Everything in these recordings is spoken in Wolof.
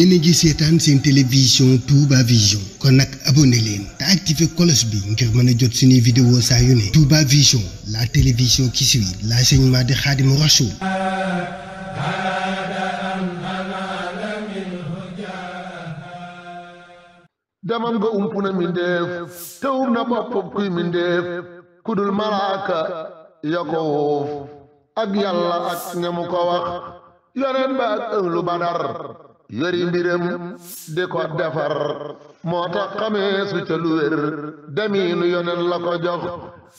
yéen a ngi seetaan seen télévision Touba Vision kon nag abonné leen te activé cloche bi ngir mën a jot suñuy vidéo saa yu ne Touba Vision la télévision qui suit l'enseignement de Khadimou Rassoul damam nga ump na mindeef te um na bopp kuy mindeef ku dul malaaka ya ko wóof ak yàlla ak ñamu ko wax yoneen ba ak ëhlu badar yori mbiram di ko defar moo tax xamee su demiinu yonen la ko jox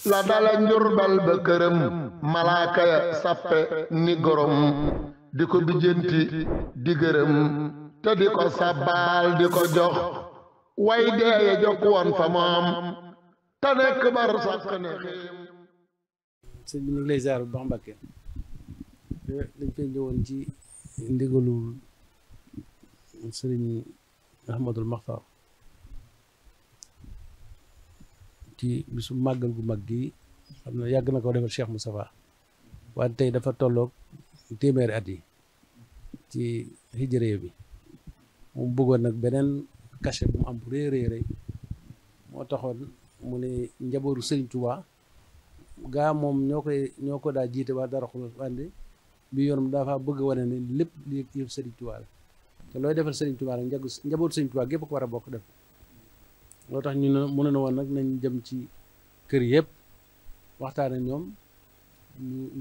la dala njurbal ba këram malaaka sappe ni gorom di ko bijjanti di gërëm te di ko sabbaal di ko jox way deeye jokk woon fa moom bar sàkk ne xiim ñu ngi lay ziar bu baax Mbàkke dañ fay ñëwoon ci sëriñ Ahmadul Maxtar ci su màggal gu mag gi xam na yàgg na ko defal Cheikh Moustapha waaye tey dafa tollook téeméeri at yi ci hijrée bi mu bëggoon nag beneen cachet bu am bu rëy rëy moo taxoon mu ne njabootu sëriñ Tuubaa gaa moom ñoo koy ñoo ko daa jiite waa dara xulul wànde bi yoon daa fa bëgg wane ne lépp lii yëpp sëriñ Tuubaa la te looy defal sëriñ Tuubaa rek njëgu njabootu sëriñ Tuubaa gépp ko war a bokk def loo tax ñu ne mën na woon nag nañ jëm ci kër yëpp waxtaan ñoom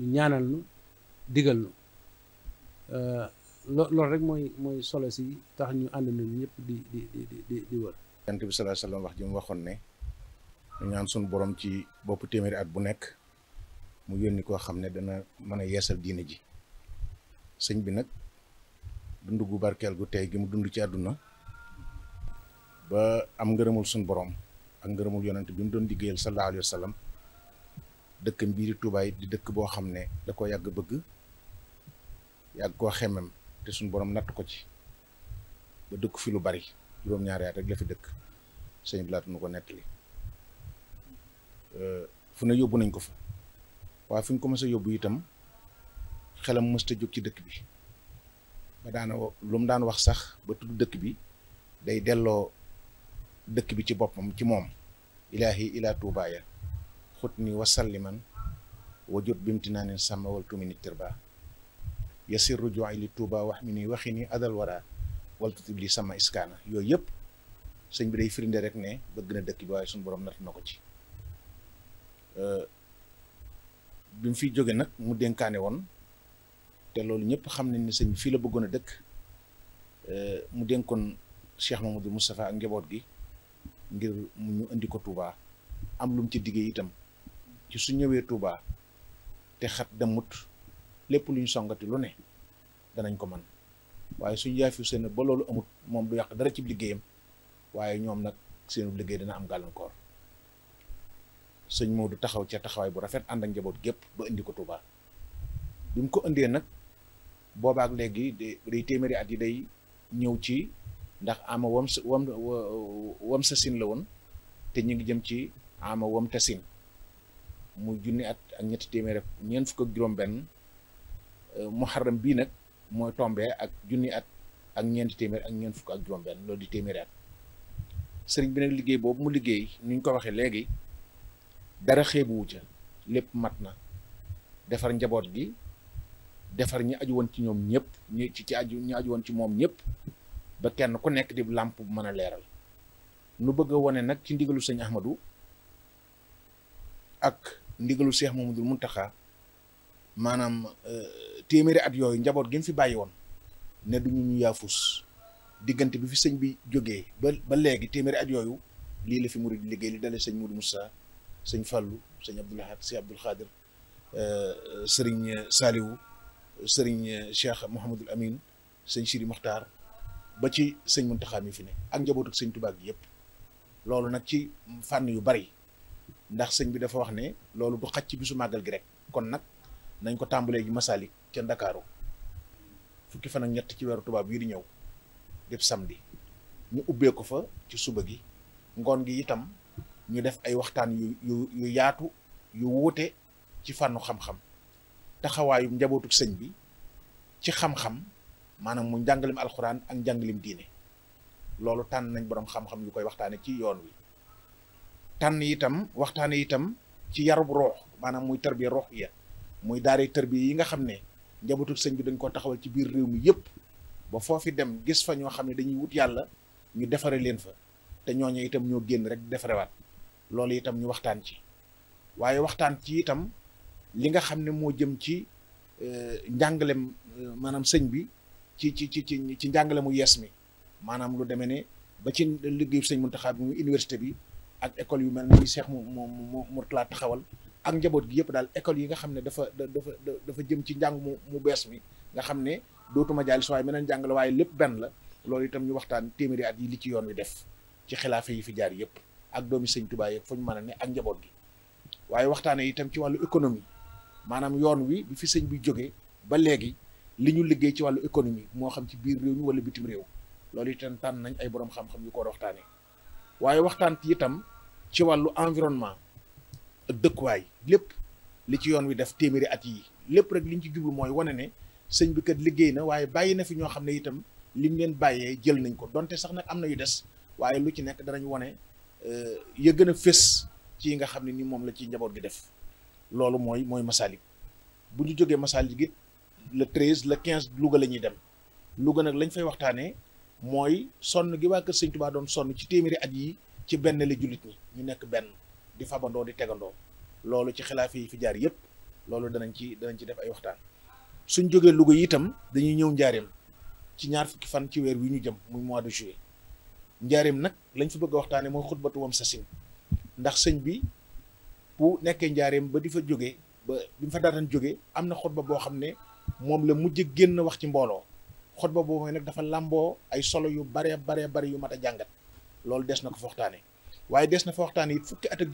ñu ñaanal nu digal nu loolu rek mooy mooy solo si tax ñu ànd nañu ñëpp di di di di di wër. bi sallallahu alayhi wax ji mu waxoon ne ñu ñaan suñu boroom ci boppu téeméeri at bu nekk mu yónni koo xam ne dana man a yeesal diine ji sëñ bi nag dund gu barkeel gu tey gi mu dund ci àdduna ba am ngërëmul suñ boroom ak ngërëmul yonent bi mu doon liggéeyal sallallahu alayhi wa sallam dëkkam bii di di dëkk boo xam ne da ko yàgg bëgg yàgg koo xemem te suñ borom natt ko ci ba dëkk fi lu bari juróom-ñaari rek la fi dëkk sëñ bi laata nu ko nettali euh, fu ne yóbbu nañ ko fa waaye fu ñu ko mës yóbbu itam xelam mës ta jóg ci dëkk bi ba daana lu mu daan wax sax ba tudd dëkk bi day delloo dëkk bi ci boppam ci moom ilaahi ilaa tuubaaya xut ni wasalliman wajut bimtinaanin sàmm wal tumini tirba yasir rujuwaay li tuuba wax mi ni waxi ni adal wara wal tutib li sama iskaana yooyu yëpp sëñ bi day firnde rek ne bëgg na dëkk bi waaye suñ borom nat na ko ci bim fi jóge nag mu denkaane woon te loolu ñëpp xam nañ ne sëñ fii la bëggoon a dëkk euh, mu dénkoon Cheikh Mamadou Moustapha ak njaboot gi ngir mu ñu indi ko Touba am lum mu ci diggee itam ci su ñëwee Touba te xat demut lépp luñ ñu songati lu ne danañ ko man waaye suñ suñu jaafiw seen ba loolu amut moom du yàq dara ci liggéeyam waaye ñoom nag seenu liggéey dina am gàllankoor sëñ moo du taxaw ca taxawaay bu rafet ànd ak njaboot gépp ba indi ko Touba bi ko indee nag. booba ak léegi day téeméeri at yi day ñëw ci ndax ama wam sa wam wam la woon te ñu ngi jëm ci ama wam ta sin mu junni at ak ñetti téeméeri ñeent fukk ak juróom-benn euh, muharram bii nag mooy tombee ak junni at ak ñeenti téeméer ak ñeent fukk ak juróom-benn loolu di téeméeri at sëriñ bi nag liggéey boobu mu liggéey ni ñu ko waxee léegi dara xéebuwu ca lépp mat na defar njaboot gi defar ñi aju woon ci ñoom ñëpp ñi ci ci aju ñi aju woon ci moom ñëpp ba kenn ku nekk di làmp bu mën a leeral nu bëgg a wane nag ci ndigalu sëñ Ahmadou ak ndigalu Cheikh Mamadou Mountakha maanaam euh, téeméeri at yooyu njaboot gi mu fi bàyyi woon ne du ñu diggante bi fi sëñ bi jógee ba ba léegi téeméeri at yooyu lii la fi murid liggéey li dale sëñ Moudou Moussa sëñ Fallou sëñ Abdoul Ahad sëñ Abdoul Khadir euh, sëriñ Saliou sëriñ euh, Cheikh Mouhamadul Amin sëñ Siri Maxtaar ba ci sëñ Muntaxa mi fi ne ak njabootu sëñ Tuubaa gi yëpp loolu nag ci fànn yu bari ndax sëñ bi dafa wax ne loolu du xaj ci bisu màggal gi rek kon nag nañ ko tàmbalee ji Masalik ca Ndakaaru fukki fan ak ñett ci weeru tubaab yi di ñëw def samedi ñu ubbee ko fa ci suba gi ngoon gi itam ñu def ay waxtaan yu yu yu yaatu yu wuute ci fànnu xam-xam taxawaayu njabootu sëñ bi ci xam-xam maanaam mu njàngalim alxuraan ak njàngalim diine loolu tànn nañ borom xam-xam yu koy waxtaane ci yoon wi tànn itam waxtaane itam ci yarub roox maanaam muy tarbiya roox ya muy daaree tarbiya yi nga xam ne njabootu sëñ bi dañ ko taxawal ci biir réew mi yépp ba foofu dem gis fa ñoo xam ne dañuy wut yàlla ñu defare leen fa te ñooñu itam ñoo génn rek defarewaat loolu itam ñu waxtaan ci waaye waxtaan li nga xam ne moo jëm ci euh, njàngalem euh, maanaam sëñ bi ci ci ci ci njàngale mu yees mi maanaam lu demee ne ba ci liggéeyu sëñ Muntaxa bi mu université bi ak école yu mel ni Seex mu mu mu Murtala taxawal ak njaboot gi yëpp daal école yi nga xam ne dafa dafa dafa jëm ci njàng mu mu bees mi nga xam ne dootuma jaay si waaye meneen njàng waaye lépp benn la loolu itam ñu waxtaan téeméeri at yi li ci yoon wi def ci xilaafa yi fi jaar yëpp ak doomi sëñ Tuubaa yeeg fu ñu mën a ne ak njaboot gi waaye waxtaanee itam ci wàllu économie. maanaam yoon wi bi fi sëñ bi jógee ba léegi li ñu liggéey ci wàllu économie moo xam ci biir réew mi wala bitim réew loolu itam tànn nañ ay borom xam-xam yu ko war a waxtaanee waaye waxtaan itam ci wàllu environnement dëkkuwaay lépp li ci yoon wi def téeméeri at yi lépp rek li ñu ci jublu mooy wane ne sëñ bi kat liggéey na waaye bàyyi na fi ñoo xam ne itam lim leen bàyyee jël nañ ko donte sax nag am na yu des waaye lu ci nekk danañ wane euh, ya gën a fés ci yi nga xam ne ni moom la ci njaboot gi def. loolu mooy mooy Massalik bu ñu jógee Massalik it le treize la quinze Louga la ñuy dem Louga nag lañ fay waxtaanee mooy sonn gi waa Kër Sëñ Tuubaa doon sonn ci téeméeri at yi ci benn la jullit ñi ñu nekk benn di fabandoo di tegandoo loolu ci xilaafa yi fi jaar yépp loolu danañ ci danañ ci def ay waxtaan suñ jógee Louga yi itam dañuy ñëw njaareem ci ñaar fukki fan ci weer wi ñu jëm muy mois de juillet njaareem nag lañ fi bëgg a waxtaanee mooy xutbatu wam sasin ndax sëñ bi bu nekkee njaareem ba di fa jóge ba bi mu fa daataan jógee am na xutba boo xam ne moom la mujj génn wax ci mbooloo xutba boobu nag dafa làmboo ay solo yu bare bare bare yu mat a jàngat loolu des na ko fa waxtaanee waaye des na fa waxtaanee it fukki at ak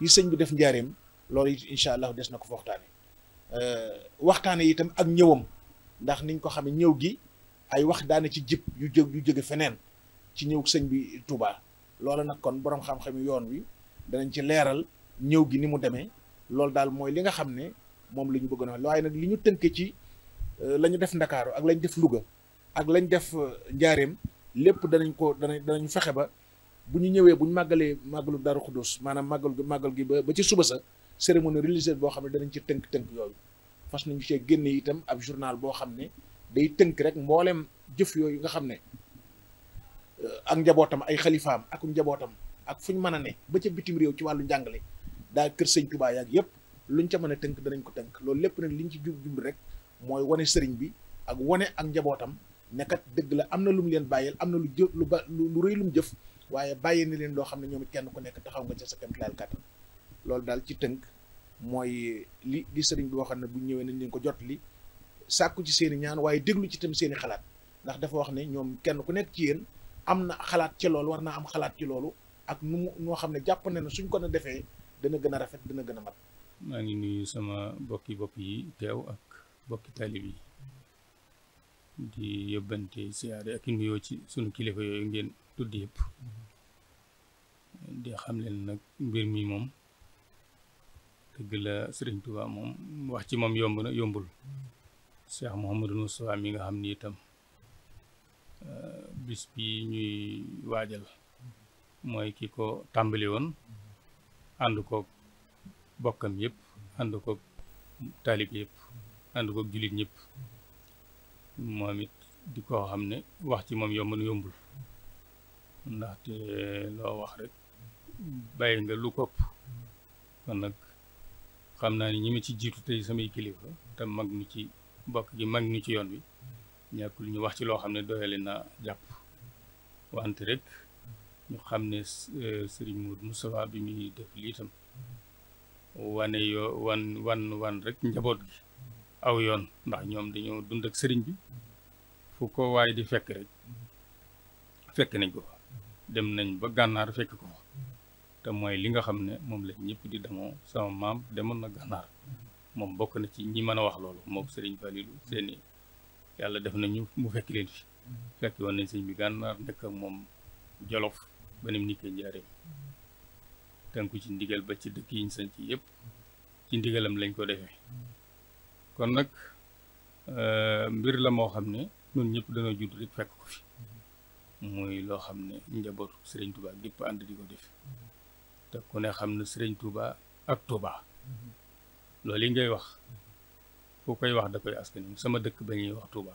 yi sëñ bi def njaareem loolu incha allah des na ko fa euh, waxtaanee itam ak ñëwam ndax niñ ko xamee ñëw gi ay wax daane ci jib yu jóg yu jóge feneen ci ñëw sëñ bi Touba loola nag kon boroom xam-xam yoon wi danañ ci leeral ñëw gi ni mu demee loolu daal mooy li nga xam ne moom la ñu bëgg na waaye nag li ñu tënk ci euh, la ñu def ndakaaru ak lañu def Louga ak lañ def euh, njaareem lépp danañ ko danañ danañ fexe ba bu ñu ñëwee bu ñu màggalee màggalu Daaru Xudus maanaam màggal màggal gi ba ba ci suba sa cérémonie religieuse boo xam ne danañ ci tënk-tënk yooyu fas nañu cee génne itam ab journal boo xam ne day tënk rek mbooleem jëf yooyu nga xam ne euh, ak njabootam ay xalifaam ak njabootam ak fu ñu mën a ne ba ca bitim réew ci wàllu njàngale daal kër sëñ Tuubaa yaag yëpp luñ ca mën a tënk danañ ko tënk loolu lépp nag liñ ci jub jublu rek mooy wone sëriñ bi ak wane ak njabootam nekkat dëgg la am na lu leen bàyyil am na lu jë lu ba lu rëy lu mu jëf waaye bàyyi na leen loo xam ne ñoom kenn ku nekk taxaw nga ca sa kéemtalaay kàttan loolu daal tënk mooy li li sëriñ bi waxoon ne bu ñëwee nañ leen ko jot li sàkku ci seen i ñaan waaye déglu ci tam seen i xalaat ndax dafa wax ne ñoom kenn ku nekk ci yéen am na xalaat ci loolu war naa am xalaat ci loolu ak nu mu ñoo xam ne jàpp na ne suñ kon a defee dana gën a rafet dana gën a mat maa ngi nuyu sama bokki bopp yi teew ak bokki taalib yi di yóbbante siyaare ak nuyoo ci sunu kilifa yooyu ngeen tudd yëpp di xam leen nag mbir mi moom dëgg la sëriñ Tuubaa moom wax ci moom yomb na yombul Cheikh Mouhamadou Moustapha mi nga xam ni itam euh, bis bi ñuy waajal mooy ki ko tàmbali woon ànd bokkam yépp ànd koog taalib yëpp ànd jullit ñëpp moom it di ko xam ne wax ci moom yomb na yombul ndaxte eh, loo wax rek bàyyi nga lu kopp kon nag xam naa ni ñu ma ci jiitu tey samay kilifa te mag ñu ci bokk gi mag ñu ci yoon wi lu ñu wax ci loo xam ne doyale naa jàpp wante rek ñu xam ne euh, sëriñ Modou Moustapha bi muy def lii tam wane yoo wan wan wan rek njaboot gi aw yoon ndax ñoom dañoo dund ak sëriñ bi fu ko waaye di fekk rek fekk nañ ko fa dem nañ ba gànnaar fekk ko fa te mooy li nga xam ne moom la ñëpp di demoo sama maam demoon na gànnaar moom bokk na ci ñi mën a wax loolu moom sëriñ Falilou seeni yàlla def nañu mu fekk leen fi fekk yoon nañ sëñ bi gànnaar nekk moom jolof ba nim nikkee njaareem tënku ci ndigal ba ci dëkk yiñ sañ ci yëpp ci ndigalam lañ ko defee kon nag euh, mbir la moo xam ne ñun ñëpp dañoo judd rek fekk ko fi muy loo xam ne njabootu sëriñ Touba gépp ànd di ko def te ku ne xam ne sëriñ Touba ak Touba loolu yi ngay wax foo koy wax da koy askan sama dëkk ba ñuy wax Touba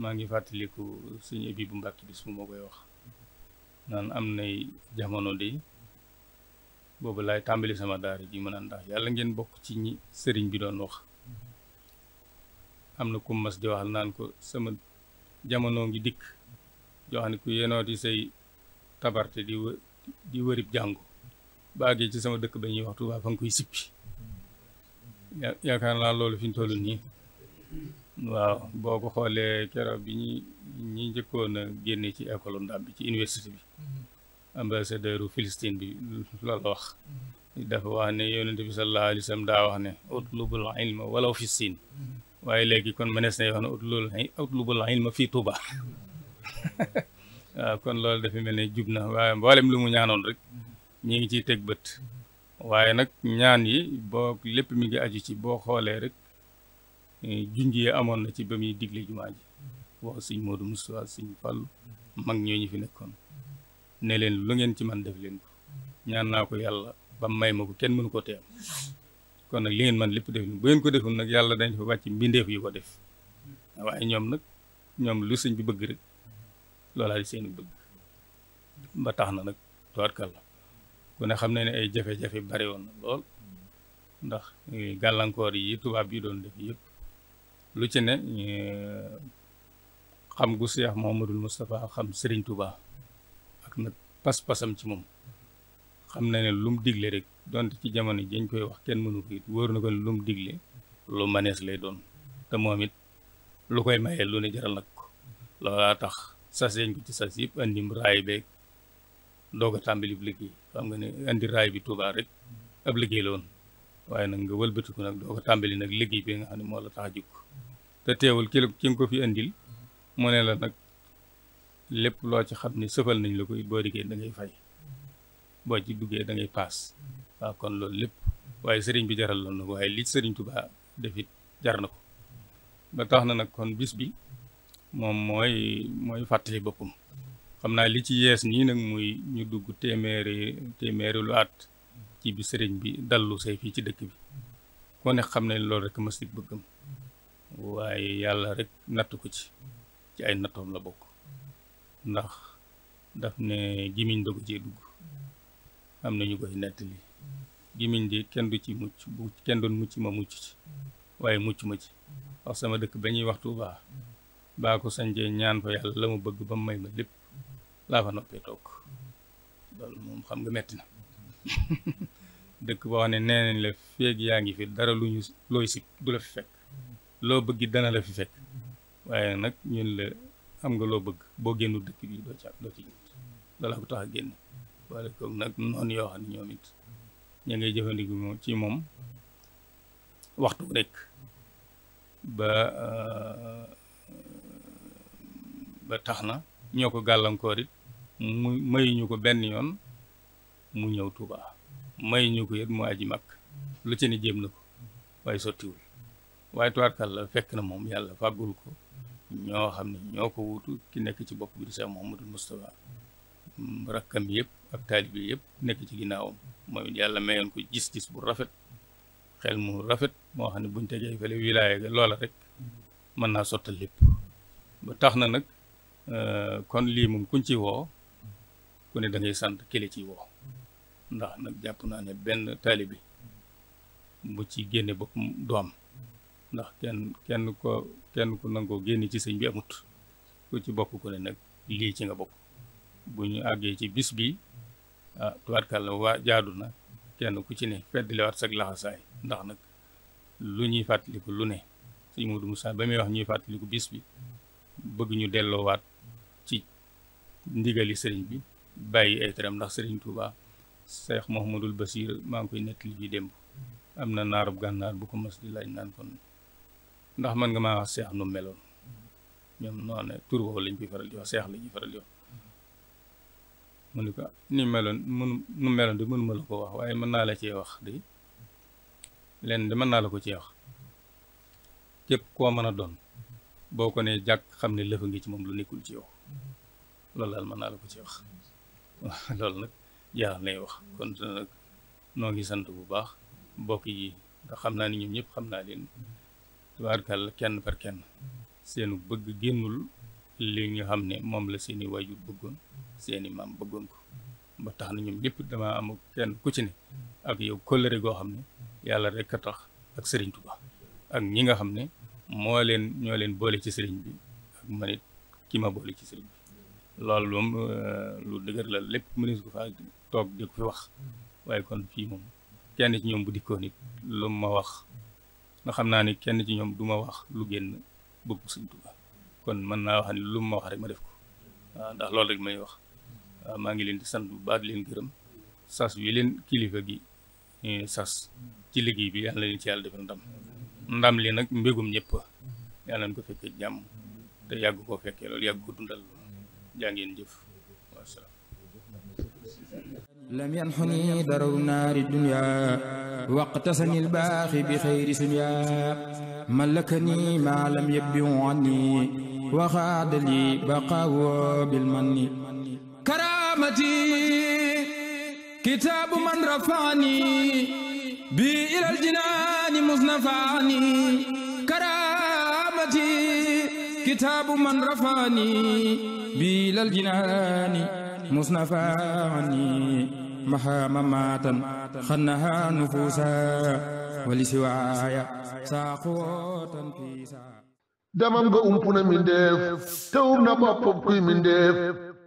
maa ngi fàttaliku suñu ébi bu mbàkki bis mu moo koy wax naan am nay jamono de boobu laay tàmbali sama daara ji mën a ndax yàlla ngeen bokk ci ñi sëriñ bi doon wax am na ku mas di waxal naan ko sama jamono ngi dikk joo xam ne ku yenooti say tabarte di wë di wërib jàngu baagee ci sama dëkk ba ñuy waxtu waa fa nga koy sippi yaakaar naa loolu fi ñu toll nii waaw boo ko xoolee keroog bi ñu ñi njëkkoon génne ci école ndam bi ci université bi mhm. ambassadeur u Palestine bi loolu wax mhm. dafa wax ne yonente bi sallallahu alayhi wa sallam daa wax ne utlubul ilma walaw fi siin mhm. waaye léegi kon mënees na wax ne utlubul utlubul ilma Touba waaw kon loolu dafa mel ne jub na waaye mboolem lu mu ñaanoon rek ñi ngi ci teg bët waaye nag ñaan yi boo lépp mi ngi aju ci boo xoolee rek Eh, junj yi amoon na ci ba muy digle jumaa ji wax sëñ Moodu Musaa sëñ Fàllu mag ñooñu fi nekkoon ne leen lu ngeen ci man def leen ko ñaan naa ko yàlla ba may ma ko kenn mënu koo teem kon nag li ngeen man lépp def bu ngeen ko deful nag yàlla dañ fa wàcc mbindeef yu ko def nag ñoom lu sëñ bi bëgg rek loolaa di seen tax na nag tuwatkal la ku xam ne ne ay jafe-jafe bari woon na lool ndax eh, gàllankoor yi tubaab yi doon def yëpp lu ci ne euh, xam gu Seex Muhammadul Moustapha xam Sëriñ Tuubaa ak nag pas-pasam ci moom xam na ne lum digle rek dont ci jamono jañ koy wax kenn mënu ko it wóor na ko ne lum digle lu manees lay doon te moom it lu koy mayee lu ne jaral nag ko loolaa tax sas yañ ko ci sas yëpp andim raay beeg doog a tàmbali liggéey xam nga ne andi raay bi Tuubaa rek ab liggéey la woon waaye nag nga wëlbatiku nag doo ko tàmbali nag liggéey bi nga xam ne moo la tax a jóg te teewul ki ki nga ko fi indil moo ne la nag lépp loo ci xam ni sëfal nañ la koy boo dikkee da ngay fay boo ci duggee da ngay paas waaw kon loolu lépp waaye sëriñ bi jaral na ko waaye li sëriñ Tuubaa defit jar na ko ba tax na nag kon bis bi moom mooy mooy fàttali boppam xam naa li ci yees nii nag muy ñu dugg téeméeri téeméeri lu at ci bi sëriñ bi dallu say fii ci dëkk bi ku ne xam ne loolu rek masjid bëggam waaye yàlla rek natt ko ci ci ay nattoom la bokk ndax daf ne gimiñ da ko cee dugg am na ñu koy nettali gimiñ di kenn du ci mucc bu kenn doon mucc ma mucc ci waaye mucc ma ci wax sama dëkk ba ñuy waxtu baa baa ko sañcee ñaan fa yàlla la mu bëgg ba may ma lépp laa fa noppee toog loolu moom xam nga metti na dëkk boo xam ne nee nañ la feeg yaa ngi fi dara lu ñu looy si du la fekk loo bëgg dana la fi fekk waaye nag ñun la am nga loo bëgg boo génnu dëkk bi doo ca doo ci loolaa ko tax a génn boole koog nag noonu yoo xam ne ñoom it ngay jëfandiku ci moom waxtu rek ba tax na ñoo ko gàllankoor it mu mayuñu ko benn yoon mu ñëw Tuubaa mayuñu ko it mu aji mag lu ci ne jéem na ko waaye sottiwul waaye tubaarkàlla fekk na moom yàlla fàggul ko ñoo xam ne ñoo ko wutu ki nekk ci bopp bi di Cheikh Mouhamadou Moustapha rakkam yëpp ak taalibe yëpp nekk ci ginnaawam mooy yàlla mayoon ko gis-gis bu rafet xel mu rafet moo xam ne buñ tegee fële wilaaya ga loola rek mën naa sottal lépp bu tax na nag euh, kon lii moom kuñ ci woo ku ne da sant kële ci woo ndax nag jàpp naa ne benn taalibe bu ci génne boppam du am ndax kenn kenn ko kenn ku nangoo génn ci sëñ bi amut ku ci bokk ko ne nag lii ci nga bokk bu ñu àggee ci bis bi ah tubaarkàlla waa jaadu na kenn ku ci ne feddliwaat sag laxasaay ndax nag lu ñuy fàttaliku lu ne sëñ Modou Moussa ba muy wax ñuy fàttaliku bis bi bëgg ñu delloowaat ci ndigali sëriñ bi bàyyi ay teram ndax sëriñ Touba Seex Mouhamadul Basir maa ngi koy nettali bi démb am na naarub gànnaar bu ko mas di laaj naan kon ndax mën nga maa seex nu meloon ñoom noonu tur woowu lañ di wax seex la ñuy faral di wax mu ni ko ni meloon mënuma la ko wax waaye mën naa la cee wax di leen di mën naa la ko cee wax képp koo mën a doon boo ko nee jàkk xam ne lëfa ngi ci moom lu nekkul ci yow loolu daal mën naa la ko ci wax loolu nag jaaxal nay wax kon nag noo ngi sant bu baax mbokk yi ndax xam naa ni ñoom ñëpp xam naa leen tubaarkàlla kenn par kenn seenu bëgg génnul li ñu xam ne moom la seeni waajur bëggoon seeni maam bëggoon ko ba tax na ñoom lépp damaa am kenn ku ci ne ak yow kóllëre goo xam ne yàlla rek a tax ak sëriñ ko ak ñi nga xam ne moo leen ñoo leen boole ci sëriñ bi ak man it ki ma boole ci sëriñ bi loolu euh, lu dëgër la lépp mënees ko faa toog di ko fi wax waaye kon fii moom kenn ci ñoom bu dikkoon it lu ma wax nga xam naa ni kenn ci ñoom du ma wax lu génn bëgg sëñ kon mën naa wax ni lu ma wax rek ma def ko waaw ndax loolu rek may wax waaw maa ngi leen di sant bu baat leen gërëm sas wi leen kilifa gi eh, sas ci liggéey bi yàlla leen ci yàlla defal ndam ndam li nag mbégum ñëpp yàlla nañ ko fekkee jàmm te yàgg koo fekkee loolu yàgg ko dundal jaa jëf lam yanxuni daraw naari dunya waqtasani albaaxi bi xayri sunya malakani maa lam yabbiu anni waxaadali baqaawo bilmanni karaamati kitaabu man rafaani bi ilal jinaani musnafaani karaamati كتاب من رفعني بلا الجنان مصنفا عني محا مماتا خنها نفوسا ولسوايا ساقوتا فيسا demam nga ump na mindéef te um na boppam kuy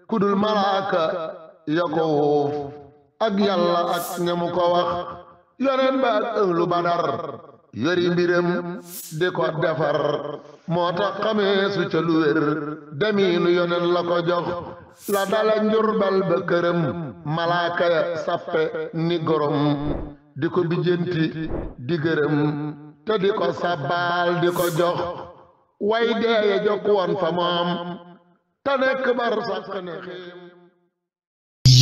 ku dul malaaka ya ko wuuf ak wax yonen ba ak ënglu badar yori mbiram di ko defar moo tax xamee su ca lu wér demiinu yonen la ko jox la dala njurbal ba këram malaaka ya sappe ni gorom di ko bijjanti di gërëm te di ko sabbaal di ko jox way deeye jokk woon fa moom te nekk bar sax ne